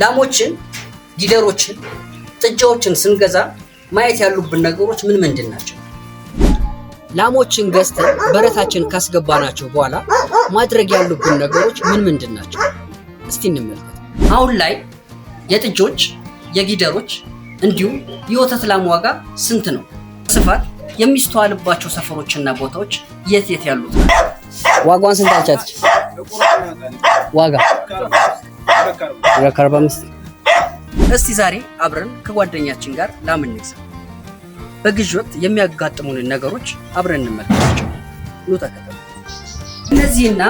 ላሞችን፣ ጊደሮችን፣ ጥጃዎችን ስንገዛ ማየት ያሉብን ነገሮች ምን ምንድን ናቸው? ላሞችን ገዝተን በረታችን ካስገባናቸው በኋላ ማድረግ ያሉብን ነገሮች ምን ምንድን ናቸው? እስቲ እንመልከት። አሁን ላይ የጥጆች የጊደሮች እንዲሁም የወተት ላም ዋጋ ስንት ነው? ስፋት የሚስተዋልባቸው ሰፈሮችና ቦታዎች የት የት ያሉት? ዋጋዋን ስንት አልቻለች? ዋጋ ከአርባ አምስት እስቲ ዛሬ አብረን ከጓደኛችን ጋር ላምን እንግዛ። በግዥ ወቅት የሚያጋጥሙንን ነገሮች አብረን እንመለከታቸው። ኑ ተከተሉ። እነዚህና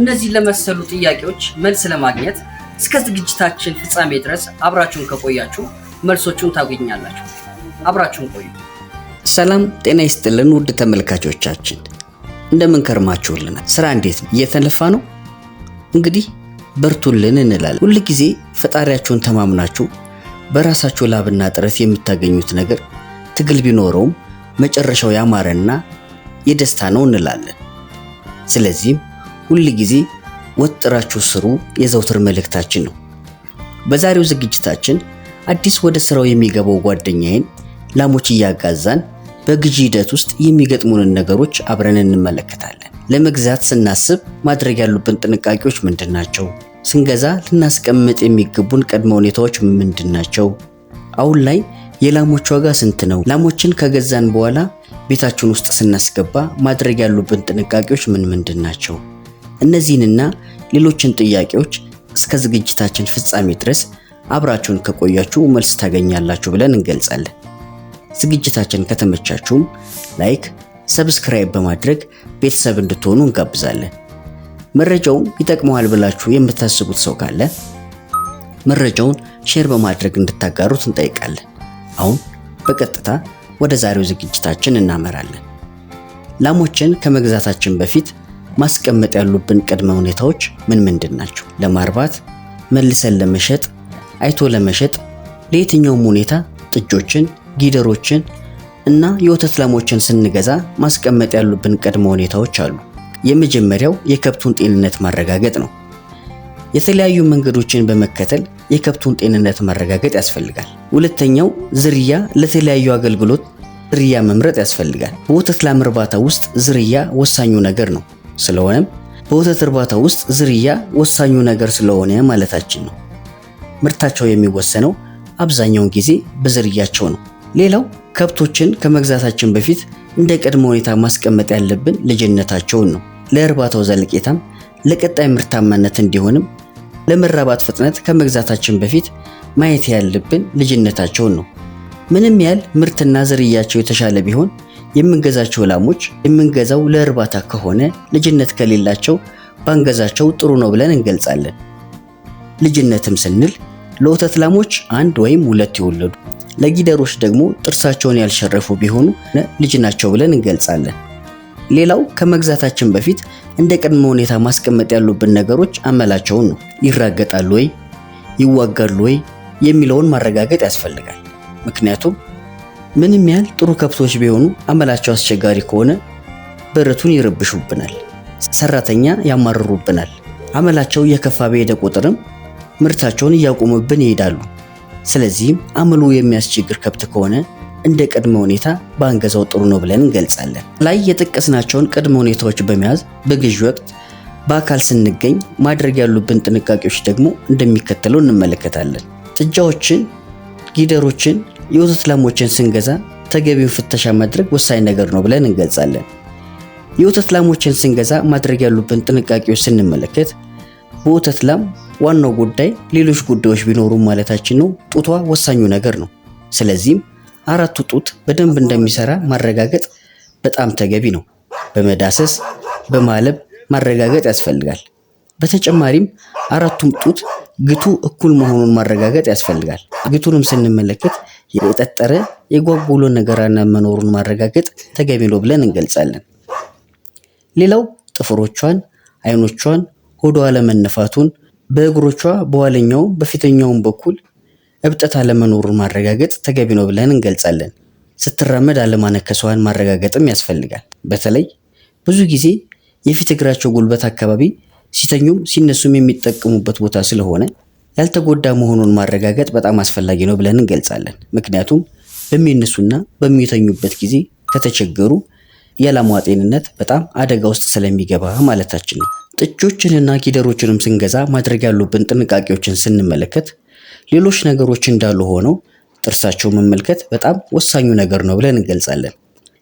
እነዚህን ለመሰሉ ጥያቄዎች መልስ ለማግኘት እስከ ዝግጅታችን ፍጻሜ ድረስ አብራችሁን ከቆያችሁ መልሶቹን ታገኛላችሁ። አብራችሁን ቆዩ። ሰላም ጤና ይስጥልን ውድ ተመልካቾቻችን እንደምን ከርማችሁልናል? ስራ እንዴት ነው? እየተለፋ ነው? እንግዲህ በርቱልን እንላለን። ሁል ጊዜ ፈጣሪያቸውን ተማምናችሁ በራሳችሁ ላብና ጥረት የምታገኙት ነገር ትግል ቢኖረውም መጨረሻው ያማረና የደስታ ነው እንላለን። ስለዚህም ሁል ጊዜ ወጥራችሁ ስሩ የዘውትር መልእክታችን ነው። በዛሬው ዝግጅታችን አዲስ ወደ ስራው የሚገባው ጓደኛዬን ላሞች እያጋዛን በግዢ ሂደት ውስጥ የሚገጥሙንን ነገሮች አብረን እንመለከታለን። ለመግዛት ስናስብ ማድረግ ያሉብን ጥንቃቄዎች ምንድን ናቸው? ስንገዛ ልናስቀምጥ የሚገቡን ቅድመ ሁኔታዎች ምንድን ናቸው? አሁን ላይ የላሞች ዋጋ ስንት ነው? ላሞችን ከገዛን በኋላ ቤታችን ውስጥ ስናስገባ ማድረግ ያሉብን ጥንቃቄዎች ምን ምንድን ናቸው? እነዚህንና ሌሎችን ጥያቄዎች እስከ ዝግጅታችን ፍጻሜ ድረስ አብራችሁን ከቆያችሁ መልስ ታገኛላችሁ ብለን እንገልጻለን። ዝግጅታችን ከተመቻችሁም ላይክ፣ ሰብስክራይብ በማድረግ ቤተሰብ እንድትሆኑ እንጋብዛለን። መረጃው ይጠቅመዋል ብላችሁ የምታስቡት ሰው ካለ መረጃውን ሼር በማድረግ እንድታጋሩት እንጠይቃለን። አሁን በቀጥታ ወደ ዛሬው ዝግጅታችን እናመራለን። ላሞችን ከመግዛታችን በፊት ማስቀመጥ ያሉብን ቅድመ ሁኔታዎች ምን ምንድን ናቸው? ለማርባት፣ መልሰን ለመሸጥ፣ አይቶ ለመሸጥ፣ ለየትኛውም ሁኔታ ጥጆችን፣ ጊደሮችን እና የወተት ላሞችን ስንገዛ ማስቀመጥ ያሉብን ቅድመ ሁኔታዎች አሉ። የመጀመሪያው የከብቱን ጤንነት ማረጋገጥ ነው። የተለያዩ መንገዶችን በመከተል የከብቱን ጤንነት ማረጋገጥ ያስፈልጋል። ሁለተኛው ዝርያ ለተለያዩ አገልግሎት ዝርያ መምረጥ ያስፈልጋል። በወተት ላም እርባታ ውስጥ ዝርያ ወሳኙ ነገር ነው። ስለሆነም በወተት እርባታ ውስጥ ዝርያ ወሳኙ ነገር ስለሆነ ማለታችን ነው። ምርታቸው የሚወሰነው አብዛኛውን ጊዜ በዝርያቸው ነው። ሌላው ከብቶችን ከመግዛታችን በፊት እንደ ቅድመ ሁኔታ ማስቀመጥ ያለብን ልጅነታቸውን ነው። ለእርባታው ዘለቄታም ለቀጣይ ምርታማነት እንዲሆንም ለመራባት ፍጥነት ከመግዛታችን በፊት ማየት ያለብን ልጅነታቸውን ነው። ምንም ያህል ምርትና ዝርያቸው የተሻለ ቢሆን የምንገዛቸው ላሞች የምንገዛው ለእርባታ ከሆነ ልጅነት ከሌላቸው ባንገዛቸው ጥሩ ነው ብለን እንገልጻለን። ልጅነትም ስንል ለወተት ላሞች አንድ ወይም ሁለት የወለዱ ለጊደሮች ደግሞ ጥርሳቸውን ያልሸረፉ ቢሆኑ ልጅ ናቸው ብለን እንገልጻለን። ሌላው ከመግዛታችን በፊት እንደ ቅድመ ሁኔታ ማስቀመጥ ያሉብን ነገሮች አመላቸውን ነው። ይራገጣሉ ወይ፣ ይዋጋሉ ወይ የሚለውን ማረጋገጥ ያስፈልጋል። ምክንያቱም ምንም ያህል ጥሩ ከብቶች ቢሆኑ አመላቸው አስቸጋሪ ከሆነ በረቱን ይረብሹብናል፣ ሰራተኛ ያማርሩብናል። አመላቸው እየከፋ በሄደ ቁጥርም ምርታቸውን እያቆሙብን ይሄዳሉ። ስለዚህም አመሉ የሚያስቸግር ከብት ከሆነ እንደ ቅድመ ሁኔታ ባንገዛው ጥሩ ነው ብለን እንገልጻለን። ላይ የጠቀስናቸውን ቅድመ ሁኔታዎች በመያዝ በግዥ ወቅት በአካል ስንገኝ ማድረግ ያሉብን ጥንቃቄዎች ደግሞ እንደሚከተለው እንመለከታለን። ጥጃዎችን፣ ጊደሮችን፣ የወተት ላሞችን ስንገዛ ተገቢውን ፍተሻ ማድረግ ወሳኝ ነገር ነው ብለን እንገልጻለን። የወተት ላሞችን ስንገዛ ማድረግ ያሉብን ጥንቃቄዎች ስንመለከት በወተት ላም ዋናው ጉዳይ ሌሎች ጉዳዮች ቢኖሩም ማለታችን ነው። ጡቷ ወሳኙ ነገር ነው። ስለዚህም አራቱ ጡት በደንብ እንደሚሰራ ማረጋገጥ በጣም ተገቢ ነው። በመዳሰስ በማለብ ማረጋገጥ ያስፈልጋል። በተጨማሪም አራቱም ጡት ግቱ እኩል መሆኑን ማረጋገጥ ያስፈልጋል። ግቱንም ስንመለከት የጠጠረ የጓጉሎ ነገራና መኖሩን ማረጋገጥ ተገቢ ነው ብለን እንገልጻለን። ሌላው ጥፍሮቿን፣ አይኖቿን፣ ሆዷ አለመነፋቱን በእግሮቿ በኋለኛው በፊተኛውም በኩል እብጠት አለመኖሩን ማረጋገጥ ተገቢ ነው ብለን እንገልጻለን። ስትራመድ አለማነከሷን ማረጋገጥም ያስፈልጋል። በተለይ ብዙ ጊዜ የፊት እግራቸው ጉልበት አካባቢ ሲተኙም ሲነሱም የሚጠቀሙበት ቦታ ስለሆነ ያልተጎዳ መሆኑን ማረጋገጥ በጣም አስፈላጊ ነው ብለን እንገልጻለን። ምክንያቱም በሚነሱና በሚተኙበት ጊዜ ከተቸገሩ የላሟ ጤንነት በጣም አደጋ ውስጥ ስለሚገባ ማለታችን ነው። ጥጆችንና ጊደሮችንም ስንገዛ ማድረግ ያሉብን ጥንቃቄዎችን ስንመለከት ሌሎች ነገሮች እንዳሉ ሆነው ጥርሳቸው መመልከት በጣም ወሳኙ ነገር ነው ብለን እንገልጻለን።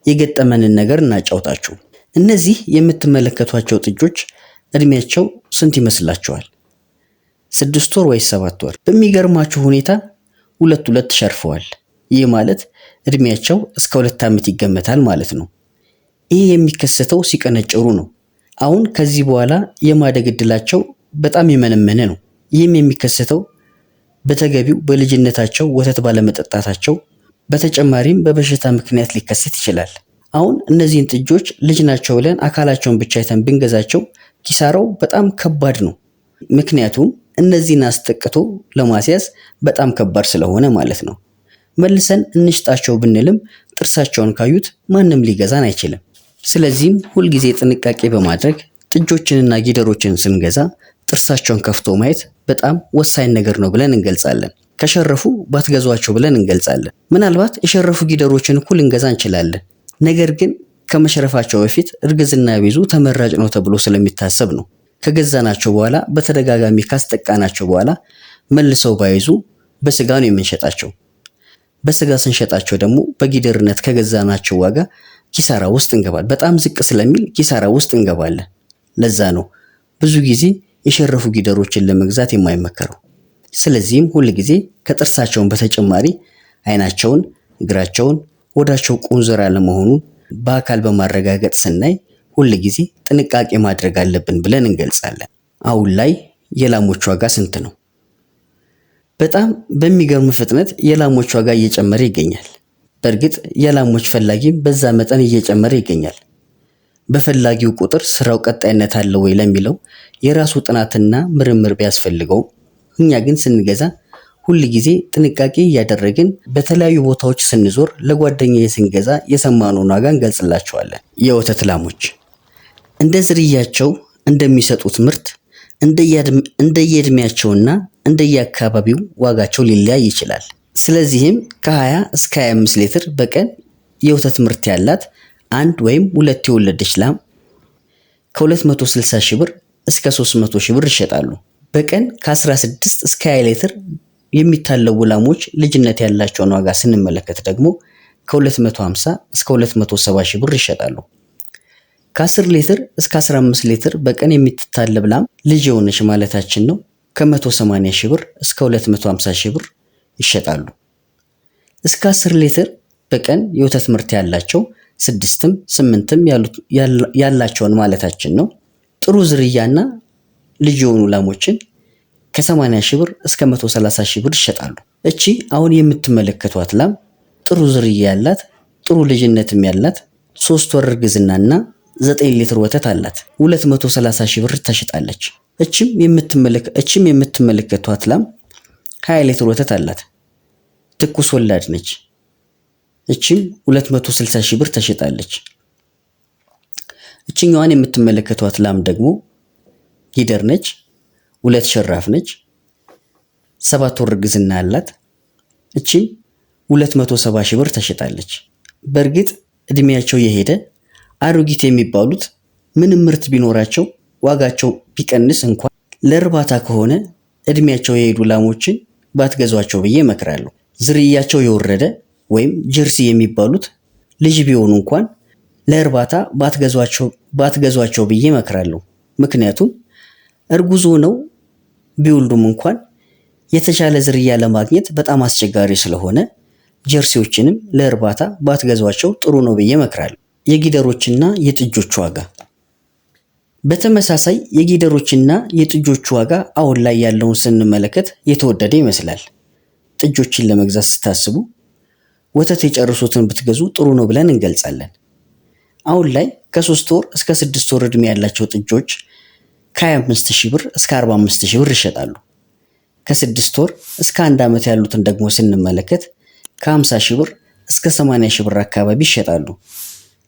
የገጠመንን ነገር እናጫውታችሁ። እነዚህ የምትመለከቷቸው ጥጆች እድሜያቸው ስንት ይመስላችኋል? ስድስት ወር ወይስ ሰባት ወር? በሚገርማችሁ ሁኔታ ሁለት ሁለት ሸርፈዋል። ይህ ማለት እድሜያቸው እስከ ሁለት ዓመት ይገመታል ማለት ነው። ይህ የሚከሰተው ሲቀነጭሩ ነው። አሁን ከዚህ በኋላ የማደግ እድላቸው በጣም የመነመነ ነው። ይህም የሚከሰተው በተገቢው በልጅነታቸው ወተት ባለመጠጣታቸው በተጨማሪም በበሽታ ምክንያት ሊከሰት ይችላል። አሁን እነዚህን ጥጆች ልጅ ናቸው ብለን አካላቸውን ብቻ አይተን ብንገዛቸው ኪሳራው በጣም ከባድ ነው። ምክንያቱም እነዚህን አስጠቅቶ ለማስያዝ በጣም ከባድ ስለሆነ ማለት ነው። መልሰን እንሽጣቸው ብንልም ጥርሳቸውን ካዩት ማንም ሊገዛን አይችልም። ስለዚህም ሁልጊዜ ጥንቃቄ በማድረግ ጥጆችንና ጊደሮችን ስንገዛ ጥርሳቸውን ከፍቶ ማየት በጣም ወሳኝ ነገር ነው ብለን እንገልጻለን። ከሸረፉ ባትገዟቸው ብለን እንገልጻለን። ምናልባት የሸረፉ ጊደሮችን እኩል እንገዛ እንችላለን። ነገር ግን ከመሸረፋቸው በፊት እርግዝና ቢይዙ ተመራጭ ነው ተብሎ ስለሚታሰብ ነው። ከገዛናቸው በኋላ በተደጋጋሚ ካስጠቃናቸው በኋላ መልሰው ባይዙ በስጋ ነው የምንሸጣቸው። በስጋ ስንሸጣቸው ደግሞ በጊደርነት ከገዛናቸው ዋጋ ኪሳራ ውስጥ እንገባለን። በጣም ዝቅ ስለሚል ኪሳራ ውስጥ እንገባለን። ለዛ ነው ብዙ ጊዜ የሸረፉ ጊደሮችን ለመግዛት የማይመከረው። ስለዚህም ሁል ጊዜ ከጥርሳቸውን በተጨማሪ አይናቸውን፣ እግራቸውን፣ ወዳቸው ቁንዘራ ለመሆኑን በአካል በማረጋገጥ ስናይ ሁል ጊዜ ጥንቃቄ ማድረግ አለብን ብለን እንገልጻለን። አሁን ላይ የላሞች ዋጋ ስንት ነው? በጣም በሚገርም ፍጥነት የላሞች ዋጋ እየጨመረ ይገኛል። በእርግጥ የላሞች ፈላጊ በዛ መጠን እየጨመረ ይገኛል። በፈላጊው ቁጥር ስራው ቀጣይነት አለው ወይ ለሚለው የራሱ ጥናትና ምርምር ቢያስፈልገውም እኛ ግን ስንገዛ ሁል ጊዜ ጥንቃቄ እያደረግን በተለያዩ ቦታዎች ስንዞር ለጓደኛ ስንገዛ የሰማነውን ዋጋ እንገልጽላቸዋለን። የወተት ላሞች እንደ ዝርያቸው እንደሚሰጡት ምርት እንደየእድሜያቸውና እንደየአካባቢው ዋጋቸው ሊለያይ ይችላል። ስለዚህም ከ20 እስከ 25 ሊትር በቀን የወተት ምርት ያላት አንድ ወይም ሁለት የወለደች ላም ከ260 ሺህ ብር እስከ 300 ሺህ ብር ይሸጣሉ። በቀን ከ16 እስከ 20 ሊትር የሚታለቡ ላሞች ልጅነት ያላቸውን ዋጋ ስንመለከት ደግሞ ከ250 እስከ 270 ሺህ ብር ይሸጣሉ። ከ10 ሊትር እስከ 15 ሊትር በቀን የምትታለብ ላም ልጅ የሆነች ማለታችን ነው ከ180 ሺህ ብር እስከ 250 ሺህ ብር ይሸጣሉ። እስከ 10 ሊትር በቀን የወተት ምርት ያላቸው ስድስትም ስምንትም ያላቸውን ማለታችን ነው። ጥሩ ዝርያና ልጅ የሆኑ ላሞችን ከ80 ሺህ ብር እስከ 130 ሺህ ብር ይሸጣሉ። እቺ አሁን የምትመለከቷት ላም ጥሩ ዝርያ ያላት ጥሩ ልጅነትም ያላት ሶስት ወር እርግዝናና 9 ሊትር ወተት አላት 230 ሺህ ብር ተሸጣለች። እችም የምትመለከቷት ላም ሀያ ሊትር ወተት አላት። ትኩስ ወላድ ነች። እችም 260 ሺህ ብር ተሸጣለች። እችኛዋን የምትመለከቷት ላም ደግሞ ሂደር ነች። ሁለት ሸራፍ ነች። ሰባት ወር እርግዝና አላት። እችም 270 ሺህ ብር ተሸጣለች። በእርግጥ እድሜያቸው የሄደ አሮጊት የሚባሉት ምንም ምርት ቢኖራቸው ዋጋቸው ቢቀንስ እንኳን ለእርባታ ከሆነ እድሜያቸው የሄዱ ላሞችን ባትገዟቸው ብዬ እመክራለሁ። ዝርያቸው የወረደ ወይም ጀርሲ የሚባሉት ልጅ ቢሆኑ እንኳን ለእርባታ ባትገዟቸው ብዬ እመክራለሁ። ምክንያቱም እርጉዞ ነው ቢወልዱም እንኳን የተሻለ ዝርያ ለማግኘት በጣም አስቸጋሪ ስለሆነ ጀርሲዎችንም ለእርባታ ባትገዟቸው ጥሩ ነው ብዬ እመክራለሁ። የጊደሮችና የጥጆች ዋጋ በተመሳሳይ የጊደሮችና የጥጆች ዋጋ አሁን ላይ ያለውን ስንመለከት የተወደደ ይመስላል። ጥጆችን ለመግዛት ስታስቡ ወተት የጨረሱትን ብትገዙ ጥሩ ነው ብለን እንገልጻለን። አሁን ላይ ከሶስት ወር እስከ ስድስት ወር ዕድሜ ያላቸው ጥጆች ከ25 ሺህ ብር እስከ 45 ሺህ ብር ይሸጣሉ። ከስድስት ወር እስከ አንድ ዓመት ያሉትን ደግሞ ስንመለከት ከ50 ሺህ ብር እስከ 80 ሺህ ብር አካባቢ ይሸጣሉ።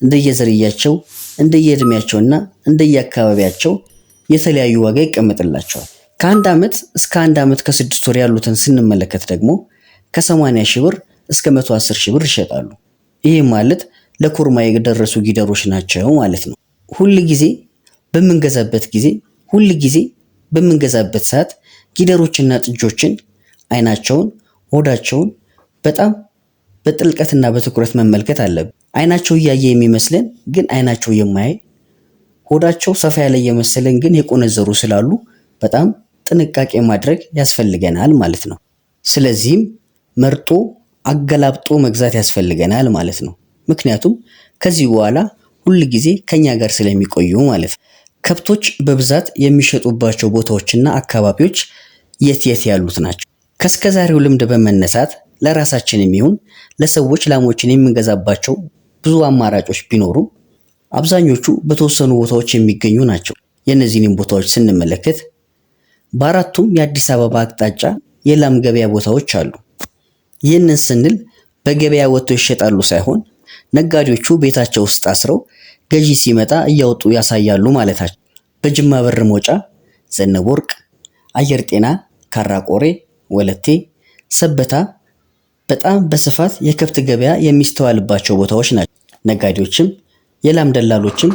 እንደየዝርያቸው እንደየእድሜያቸውና እንደየአካባቢያቸው የተለያዩ ዋጋ ይቀመጥላቸዋል። ከአንድ ዓመት እስከ አንድ ዓመት ከስድስት ወር ያሉትን ስንመለከት ደግሞ ከ80 ሺህ ብር እስከ 110 ሺህ ብር ይሸጣሉ። ይህ ማለት ለኮርማ የደረሱ ጊደሮች ናቸው ማለት ነው። ሁል ጊዜ በምንገዛበት ጊዜ ሁል ጊዜ በምንገዛበት ሰዓት ጊደሮችና ጥጆችን አይናቸውን፣ ሆዳቸውን በጣም በጥልቀትና በትኩረት መመልከት አለብን። አይናቸው እያየ የሚመስለን ግን አይናቸው የማያይ ሆዳቸው ሰፋ ያለ የመሰለን ግን የቆነዘሩ ስላሉ በጣም ጥንቃቄ ማድረግ ያስፈልገናል ማለት ነው። ስለዚህም መርጦ አገላብጦ መግዛት ያስፈልገናል ማለት ነው። ምክንያቱም ከዚህ በኋላ ሁል ጊዜ ከኛ ጋር ስለሚቆዩ ማለት ነው። ከብቶች በብዛት የሚሸጡባቸው ቦታዎችና አካባቢዎች የት የት ያሉት ናቸው? ከእስከዛሬው ልምድ በመነሳት ለራሳችን የሚሆን ለሰዎች ላሞችን የምንገዛባቸው ብዙ አማራጮች ቢኖሩም አብዛኞቹ በተወሰኑ ቦታዎች የሚገኙ ናቸው። የእነዚህንም ቦታዎች ስንመለከት በአራቱም የአዲስ አበባ አቅጣጫ የላም ገበያ ቦታዎች አሉ። ይህንን ስንል በገበያ ወጥቶ ይሸጣሉ ሳይሆን ነጋዴዎቹ ቤታቸው ውስጥ አስረው ገዢ ሲመጣ እያወጡ ያሳያሉ ማለታቸው። በጅማ በር መውጫ ዘነበወርቅ፣ አየር ጤና፣ ካራቆሬ፣ ወለቴ፣ ሰበታ በጣም በስፋት የከብት ገበያ የሚስተዋልባቸው ቦታዎች ናቸው። ነጋዴዎችም የላም ደላሎችም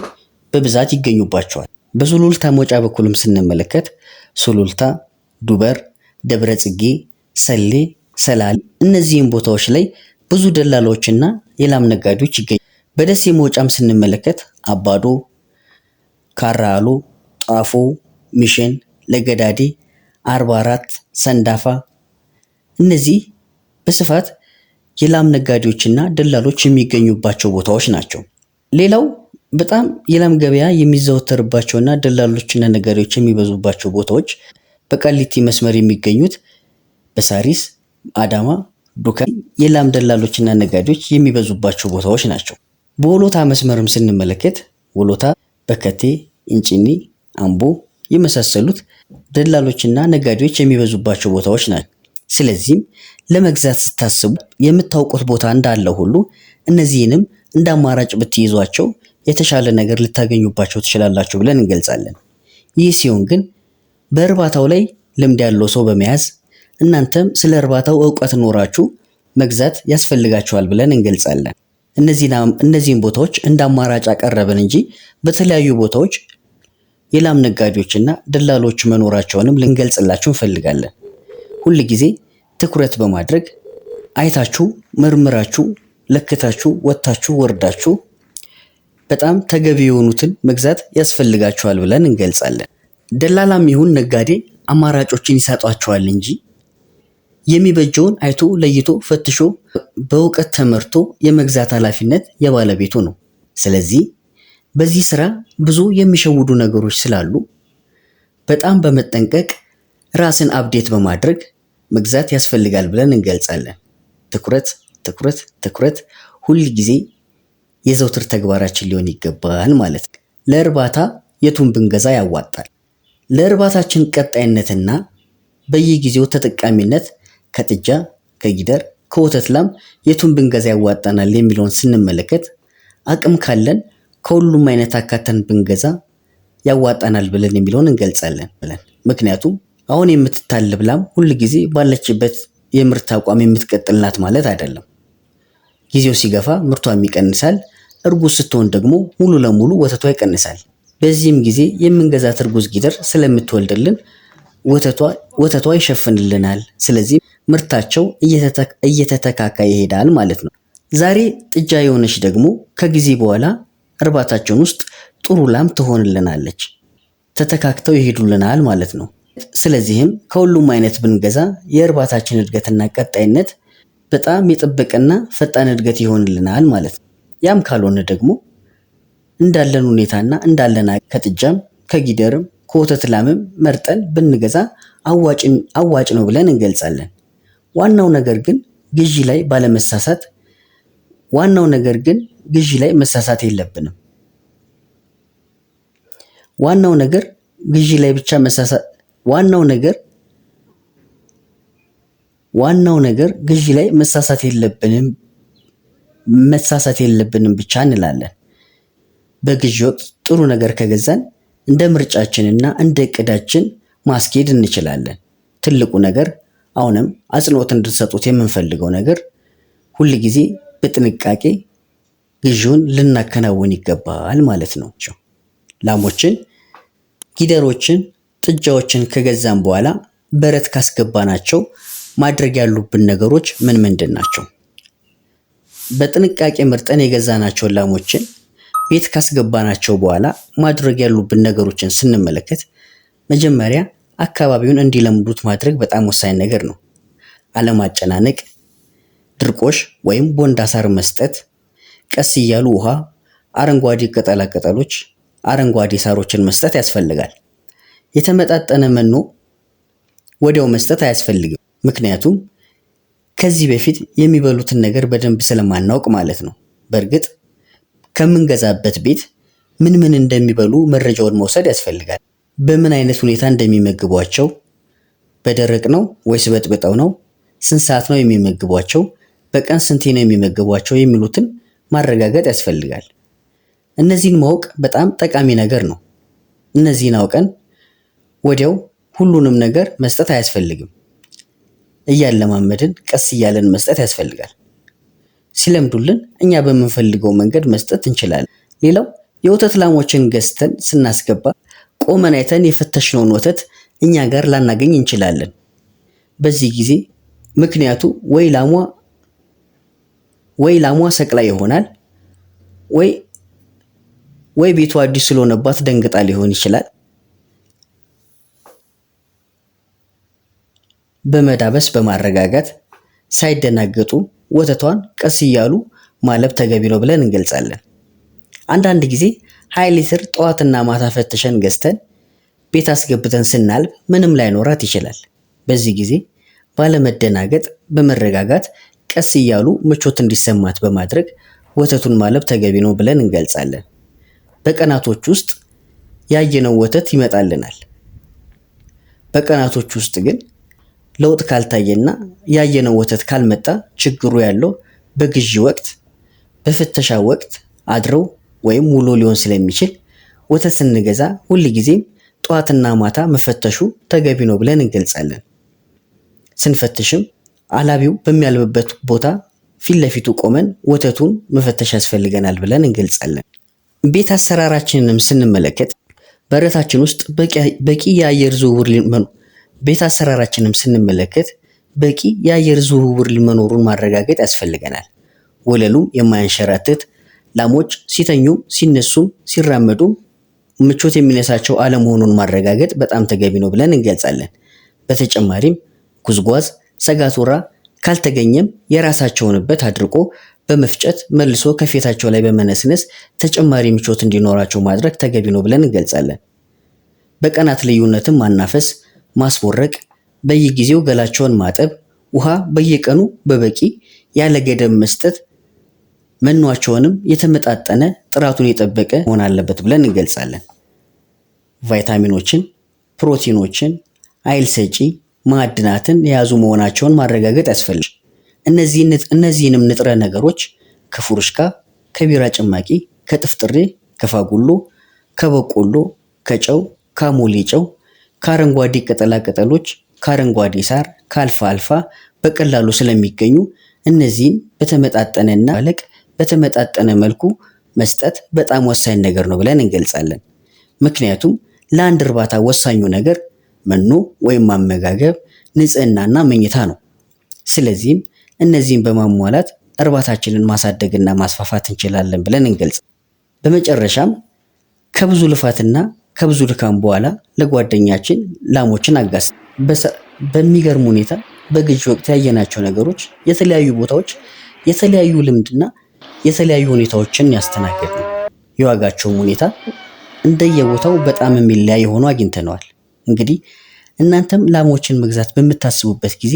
በብዛት ይገኙባቸዋል። በሱሉልታ መውጫ በኩልም ስንመለከት ሱሉልታ፣ ዱበር፣ ደብረ ጽጌ፣ ሰሌ፣ ሰላሌ እነዚህም ቦታዎች ላይ ብዙ ደላሎችና የላም ነጋዴዎች ይገኛል። በደሴ መውጫም ስንመለከት አባዶ፣ ካራሉ፣ ጣፎ፣ ሚሽን፣ ለገዳዴ፣ አርባ አራት፣ ሰንዳፋ እነዚህ በስፋት የላም ነጋዴዎችና ደላሎች የሚገኙባቸው ቦታዎች ናቸው። ሌላው በጣም የላም ገበያ የሚዘወተርባቸውና ደላሎችና ነጋዴዎች የሚበዙባቸው ቦታዎች በቃሊቲ መስመር የሚገኙት በሳሪስ፣ አዳማ፣ ዱካ የላም ደላሎችና ነጋዴዎች የሚበዙባቸው ቦታዎች ናቸው። በወሎታ መስመርም ስንመለከት ወሎታ፣ በከቴ፣ እንጭኒ፣ አምቦ የመሳሰሉት ደላሎችና ነጋዴዎች የሚበዙባቸው ቦታዎች ናቸው። ስለዚህም ለመግዛት ስታስቡ የምታውቁት ቦታ እንዳለ ሁሉ እነዚህንም እንደ አማራጭ ብትይዟቸው የተሻለ ነገር ልታገኙባቸው ትችላላችሁ ብለን እንገልጻለን። ይህ ሲሆን ግን በእርባታው ላይ ልምድ ያለው ሰው በመያዝ እናንተም ስለ እርባታው እውቀት ኖራችሁ መግዛት ያስፈልጋችኋል ብለን እንገልጻለን። እነዚህን ቦታዎች እንደ አማራጭ አቀረብን እንጂ በተለያዩ ቦታዎች የላም ነጋዴዎችና ደላሎች መኖራቸውንም ልንገልጽላችሁ እንፈልጋለን። ሁል ጊዜ ትኩረት በማድረግ አይታችሁ መርምራችሁ ለክታችሁ ወጥታችሁ ወርዳችሁ በጣም ተገቢ የሆኑትን መግዛት ያስፈልጋችኋል ብለን እንገልጻለን። ደላላም ይሁን ነጋዴ አማራጮችን ይሰጧቸዋል እንጂ የሚበጀውን አይቶ ለይቶ ፈትሾ በእውቀት ተመርቶ የመግዛት ኃላፊነት የባለቤቱ ነው። ስለዚህ በዚህ ስራ ብዙ የሚሸውዱ ነገሮች ስላሉ በጣም በመጠንቀቅ ራስን አብዴት በማድረግ መግዛት ያስፈልጋል ብለን እንገልጻለን። ትኩረት ትኩረት ትኩረት ሁል ጊዜ የዘውትር ተግባራችን ሊሆን ይገባል ማለት ነው። ለእርባታ የቱን ብንገዛ ያዋጣል? ለእርባታችን ቀጣይነትና በየጊዜው ተጠቃሚነት ከጥጃ፣ ከጊደር፣ ከወተት ላም የቱን ብንገዛ ያዋጣናል የሚለውን ስንመለከት አቅም ካለን ከሁሉም አይነት አካተን ብንገዛ ያዋጣናል ብለን የሚለውን እንገልጻለን ብለን ምክንያቱም አሁን የምትታለብ ላም ሁል ጊዜ ባለችበት የምርት አቋም የምትቀጥልናት ማለት አይደለም። ጊዜው ሲገፋ ምርቷም ይቀንሳል። እርጉዝ ስትሆን ደግሞ ሙሉ ለሙሉ ወተቷ ይቀንሳል። በዚህም ጊዜ የምንገዛት እርጉዝ ጊደር ስለምትወልድልን ወተቷ ይሸፍንልናል። ስለዚህ ምርታቸው እየተተካካ ይሄዳል ማለት ነው። ዛሬ ጥጃ የሆነች ደግሞ ከጊዜ በኋላ እርባታችን ውስጥ ጥሩ ላም ትሆንልናለች። ተተካክተው ይሄዱልናል ማለት ነው። ስለዚህም ከሁሉም አይነት ብንገዛ የእርባታችን እድገትና ቀጣይነት በጣም የጠበቀና ፈጣን እድገት ይሆንልናል ማለት ነው። ያም ካልሆነ ደግሞ እንዳለን ሁኔታና እንዳለን ከጥጃም ከጊደርም ከወተት ላምም መርጠን ብንገዛ አዋጭ ነው ብለን እንገልጻለን። ዋናው ነገር ግን ግዢ ላይ ባለመሳሳት ዋናው ነገር ግን ግዢ ላይ መሳሳት የለብንም። ዋናው ነገር ግዢ ላይ ብቻ መሳሳት ዋናው ነገር ዋናው ነገር ግዢ ላይ መሳሳት የለብንም መሳሳት የለብንም ብቻ እንላለን። በግዢ ወቅት ጥሩ ነገር ከገዛን እንደ ምርጫችንና እንደ እቅዳችን ማስኬድ እንችላለን። ትልቁ ነገር አሁንም አጽንኦት እንድትሰጡት የምንፈልገው ነገር ሁል ጊዜ በጥንቃቄ ግዢውን ልናከናውን ይገባል ማለት ነው። ላሞችን ጊደሮችን ጥጃዎችን ከገዛን በኋላ በረት ካስገባናቸው ማድረግ ያሉብን ነገሮች ምን ምንድን ናቸው? በጥንቃቄ ምርጠን የገዛናቸውን ላሞችን ቤት ካስገባናቸው በኋላ ማድረግ ያሉብን ነገሮችን ስንመለከት መጀመሪያ አካባቢውን እንዲለምዱት ማድረግ በጣም ወሳኝ ነገር ነው። አለማጨናነቅ፣ ድርቆሽ ወይም ቦንዳ ሳር መስጠት፣ ቀስ እያሉ ውሃ፣ አረንጓዴ ቅጠላ ቅጠሎች፣ አረንጓዴ ሳሮችን መስጠት ያስፈልጋል። የተመጣጠነ መኖ ወዲያው መስጠት አያስፈልግም። ምክንያቱም ከዚህ በፊት የሚበሉትን ነገር በደንብ ስለማናውቅ ማለት ነው። በእርግጥ ከምንገዛበት ቤት ምን ምን እንደሚበሉ መረጃውን መውሰድ ያስፈልጋል። በምን አይነት ሁኔታ እንደሚመግቧቸው፣ በደረቅ ነው ወይስ በጥብጠው ነው፣ ስንት ሰዓት ነው የሚመግቧቸው፣ በቀን ስንቴ ነው የሚመግቧቸው የሚሉትን ማረጋገጥ ያስፈልጋል። እነዚህን ማወቅ በጣም ጠቃሚ ነገር ነው። እነዚህን አውቀን ወዲያው ሁሉንም ነገር መስጠት አያስፈልግም። እያለማመድን ቀስ እያለን መስጠት ያስፈልጋል። ሲለምዱልን እኛ በምንፈልገው መንገድ መስጠት እንችላለን። ሌላው የወተት ላሞችን ገዝተን ስናስገባ ቆመን አይተን የፈተሽነውን ወተት እኛ ጋር ላናገኝ እንችላለን። በዚህ ጊዜ ምክንያቱ ወይ ላሟ ወይ ላሟ ሰቅላ ይሆናል ወይ ወይ ቤቱ አዲስ ስለሆነባት ደንግጣ ሊሆን ይችላል። በመዳበስ በማረጋጋት ሳይደናገጡ ወተቷን ቀስ እያሉ ማለብ ተገቢ ነው ብለን እንገልጻለን። አንዳንድ ጊዜ ሀይ ሊትር ጠዋትና ማታ ፈትሸን ገዝተን ቤት አስገብተን ስናልብ ምንም ላይኖራት ይችላል። በዚህ ጊዜ ባለመደናገጥ በመረጋጋት ቀስ እያሉ ምቾት እንዲሰማት በማድረግ ወተቱን ማለብ ተገቢ ነው ብለን እንገልጻለን። በቀናቶች ውስጥ ያየነው ወተት ይመጣልናል። በቀናቶች ውስጥ ግን ለውጥ ካልታየና ያየነው ወተት ካልመጣ ችግሩ ያለው በግዢ ወቅት በፍተሻ ወቅት አድረው ወይም ውሎ ሊሆን ስለሚችል ወተት ስንገዛ ሁል ጊዜም ጠዋትና ማታ መፈተሹ ተገቢ ነው ብለን እንገልጻለን። ስንፈትሽም አላቢው በሚያልብበት ቦታ ፊት ለፊቱ ቆመን ወተቱን መፈተሽ ያስፈልገናል ብለን እንገልጻለን። ቤት አሰራራችንንም ስንመለከት በረታችን ውስጥ በቂ የአየር ዝውውር ቤት አሰራራችንም ስንመለከት በቂ የአየር ዝውውር መኖሩን ማረጋገጥ ያስፈልገናል። ወለሉ የማያንሸራትት ላሞች ሲተኙም ሲነሱም ሲራመዱም ምቾት የሚነሳቸው አለመሆኑን ማረጋገጥ በጣም ተገቢ ነው ብለን እንገልጻለን። በተጨማሪም ጉዝጓዝ፣ ሰጋቱራ ካልተገኘም የራሳቸውን እበት አድርቆ በመፍጨት መልሶ ከፊታቸው ላይ በመነስነስ ተጨማሪ ምቾት እንዲኖራቸው ማድረግ ተገቢ ነው ብለን እንገልጻለን። በቀናት ልዩነትም ማናፈስ ማስቦረቅ፣ በየጊዜው ገላቸውን ማጠብ፣ ውሃ በየቀኑ በበቂ ያለ ገደብ መስጠት፣ መኗቸውንም የተመጣጠነ ጥራቱን የጠበቀ መሆን አለበት ብለን እንገልጻለን። ቫይታሚኖችን፣ ፕሮቲኖችን፣ አይል ሰጪ ማዕድናትን የያዙ መሆናቸውን ማረጋገጥ ያስፈልጋል። እነዚህንም ንጥረ ነገሮች ከፉርሽካ፣ ከቢራ ጭማቂ፣ ከጥፍጥሬ፣ ከፋጉሎ፣ ከበቆሎ፣ ከጨው፣ ከአሞሌ ጨው ከአረንጓዴ ቅጠላ ቅጠሎች፣ ከአረንጓዴ ሳር፣ ከአልፋ አልፋ በቀላሉ ስለሚገኙ እነዚህን በተመጣጠነና ለቅ በተመጣጠነ መልኩ መስጠት በጣም ወሳኝ ነገር ነው ብለን እንገልጻለን። ምክንያቱም ለአንድ እርባታ ወሳኙ ነገር መኖ ወይም አመጋገብ፣ ንጽህናና መኝታ ነው። ስለዚህም እነዚህን በማሟላት እርባታችንን ማሳደግና ማስፋፋት እንችላለን ብለን እንገልጽ። በመጨረሻም ከብዙ ልፋትና ከብዙ ድካም በኋላ ለጓደኛችን ላሞችን አጋስ በሚገርም ሁኔታ በግዥ ወቅት ያየናቸው ነገሮች የተለያዩ ቦታዎች የተለያዩ ልምድና የተለያዩ ሁኔታዎችን ያስተናገድ ነው። የዋጋቸውም ሁኔታ እንደየቦታው በጣም የሚለያ የሆኑ አግኝተነዋል። እንግዲህ እናንተም ላሞችን መግዛት በምታስቡበት ጊዜ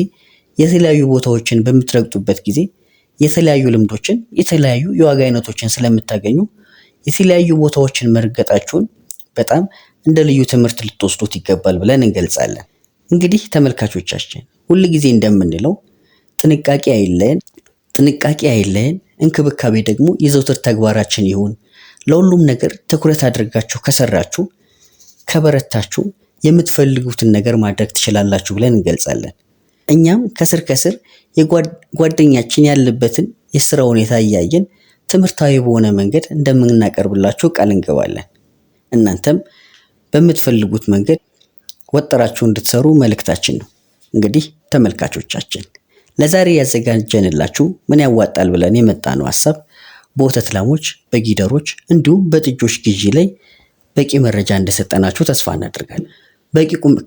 የተለያዩ ቦታዎችን በምትረግጡበት ጊዜ የተለያዩ ልምዶችን፣ የተለያዩ የዋጋ አይነቶችን ስለምታገኙ የተለያዩ ቦታዎችን መርገጣችሁን በጣም እንደ ልዩ ትምህርት ልትወስዱት ይገባል ብለን እንገልጻለን። እንግዲህ ተመልካቾቻችን ሁል ጊዜ እንደምንለው ጥንቃቄ አይለን ጥንቃቄ አይለን እንክብካቤ ደግሞ የዘውትር ተግባራችን ይሁን። ለሁሉም ነገር ትኩረት አድርጋችሁ ከሰራችሁ፣ ከበረታችሁ የምትፈልጉትን ነገር ማድረግ ትችላላችሁ ብለን እንገልጻለን። እኛም ከስር ከስር የጓደኛችን ያለበትን የስራ ሁኔታ እያየን ትምህርታዊ በሆነ መንገድ እንደምናቀርብላችሁ ቃል እንገባለን። እናንተም በምትፈልጉት መንገድ ወጠራችሁ እንድትሰሩ መልእክታችን ነው። እንግዲህ ተመልካቾቻችን ለዛሬ ያዘጋጀንላችሁ ምን ያዋጣል ብለን የመጣነው ሀሳብ በወተት ላሞች፣ በጊደሮች እንዲሁም በጥጆች ግዢ ላይ በቂ መረጃ እንደሰጠናችሁ ተስፋ እናደርጋለን።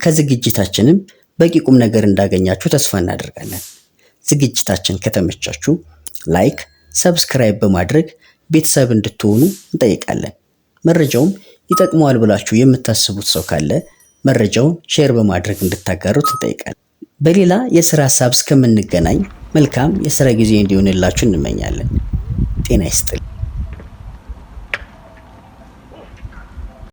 ከዝግጅታችንም በቂ ቁም ነገር እንዳገኛችሁ ተስፋ እናደርጋለን። ዝግጅታችን ከተመቻችሁ ላይክ፣ ሰብስክራይብ በማድረግ ቤተሰብ እንድትሆኑ እንጠይቃለን። መረጃውም ይጠቅመዋል ብላችሁ የምታስቡት ሰው ካለ መረጃውን ሼር በማድረግ እንድታጋሩት እንጠይቃለን። በሌላ የስራ ሀሳብ እስከምንገናኝ መልካም የስራ ጊዜ እንዲሆንላችሁ እንመኛለን። ጤና ይስጥል።